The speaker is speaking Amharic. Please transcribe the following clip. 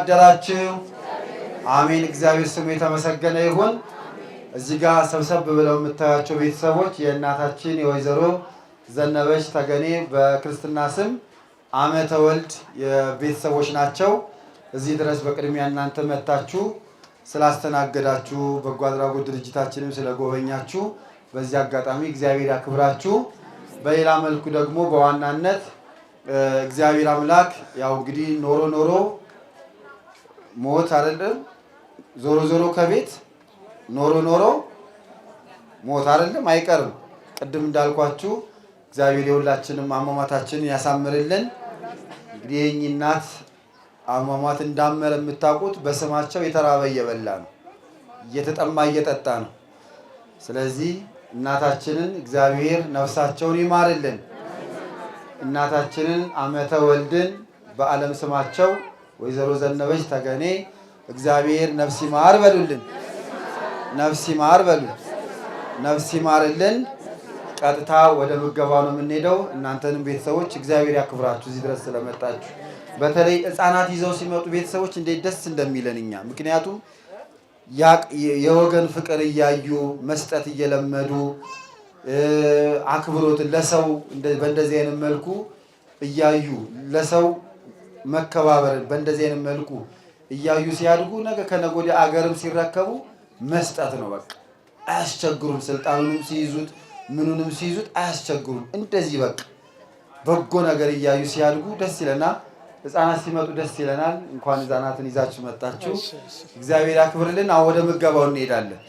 አደራችሁ። አሜን። እግዚአብሔር ስሙ የተመሰገነ ይሁን። እዚህ ጋር ሰብሰብ ብለው የምታያቸው ቤተሰቦች የእናታችን የወይዘሮ ዘነበች ተገኔ በክርስትና ስም ዓመተ ወልድ የቤተሰቦች ናቸው። እዚህ ድረስ በቅድሚያ እናንተ መታችሁ ስላስተናገዳችሁ በጎ አድራጎት ድርጅታችንም ስለጎበኛችሁ በዚህ አጋጣሚ እግዚአብሔር ያክብራችሁ። በሌላ መልኩ ደግሞ በዋናነት እግዚአብሔር አምላክ ያው እንግዲህ ኖሮ ኖሮ ሞት አይደለም። ዞሮ ዞሮ ከቤት ኖሮ ኖሮ ሞት አይደለም አይቀርም። ቅድም እንዳልኳችሁ እግዚአብሔር የሁላችንም አሟሟታችንን ያሳምርልን። እንግዲህ የእኚህ እናት አሟሟት እንዳመረ የምታውቁት በስማቸው የተራበ እየበላ ነው፣ እየተጠማ እየጠጣ ነው። ስለዚህ እናታችንን እግዚአብሔር ነፍሳቸውን ይማርልን። እናታችንን አመተ ወልድን በዓለም ስማቸው ወይዘሮ ዘነበች ተገኔ እግዚአብሔር ነፍስ ይማር በሉልን። ነፍስ ይማር በሉ። ነፍስ ይማርልን። ቀጥታ ወደ ምገባ ነው የምንሄደው። እናንተንም ቤተሰቦች እግዚአብሔር ያክብራችሁ እዚህ ድረስ ስለመጣችሁ። በተለይ ህፃናት ይዘው ሲመጡ ቤተሰቦች እንዴት ደስ እንደሚለን እኛ ምክንያቱም የወገን ፍቅር እያዩ መስጠት እየለመዱ አክብሮትን ለሰው በእንደዚህ አይነት መልኩ እያዩ ለሰው መከባበርን በእንደዚህ አይነት መልኩ እያዩ ሲያድጉ ነገ ከነገ ወዲያ አገርም ሲረከቡ መስጠት ነው። በቃ አያስቸግሩም። ስልጣኑንም ሲይዙት ምኑንም ሲይዙት አያስቸግሩም። እንደዚህ በቃ በጎ ነገር እያዩ ሲያድጉ ደስ ይለናል። ህፃናት ሲመጡ ደስ ይለናል። እንኳን ህፃናትን ይዛችሁ መጣችሁ። እግዚአብሔር ያክብርልን። አሁን ወደ ምገባው እንሄዳለን።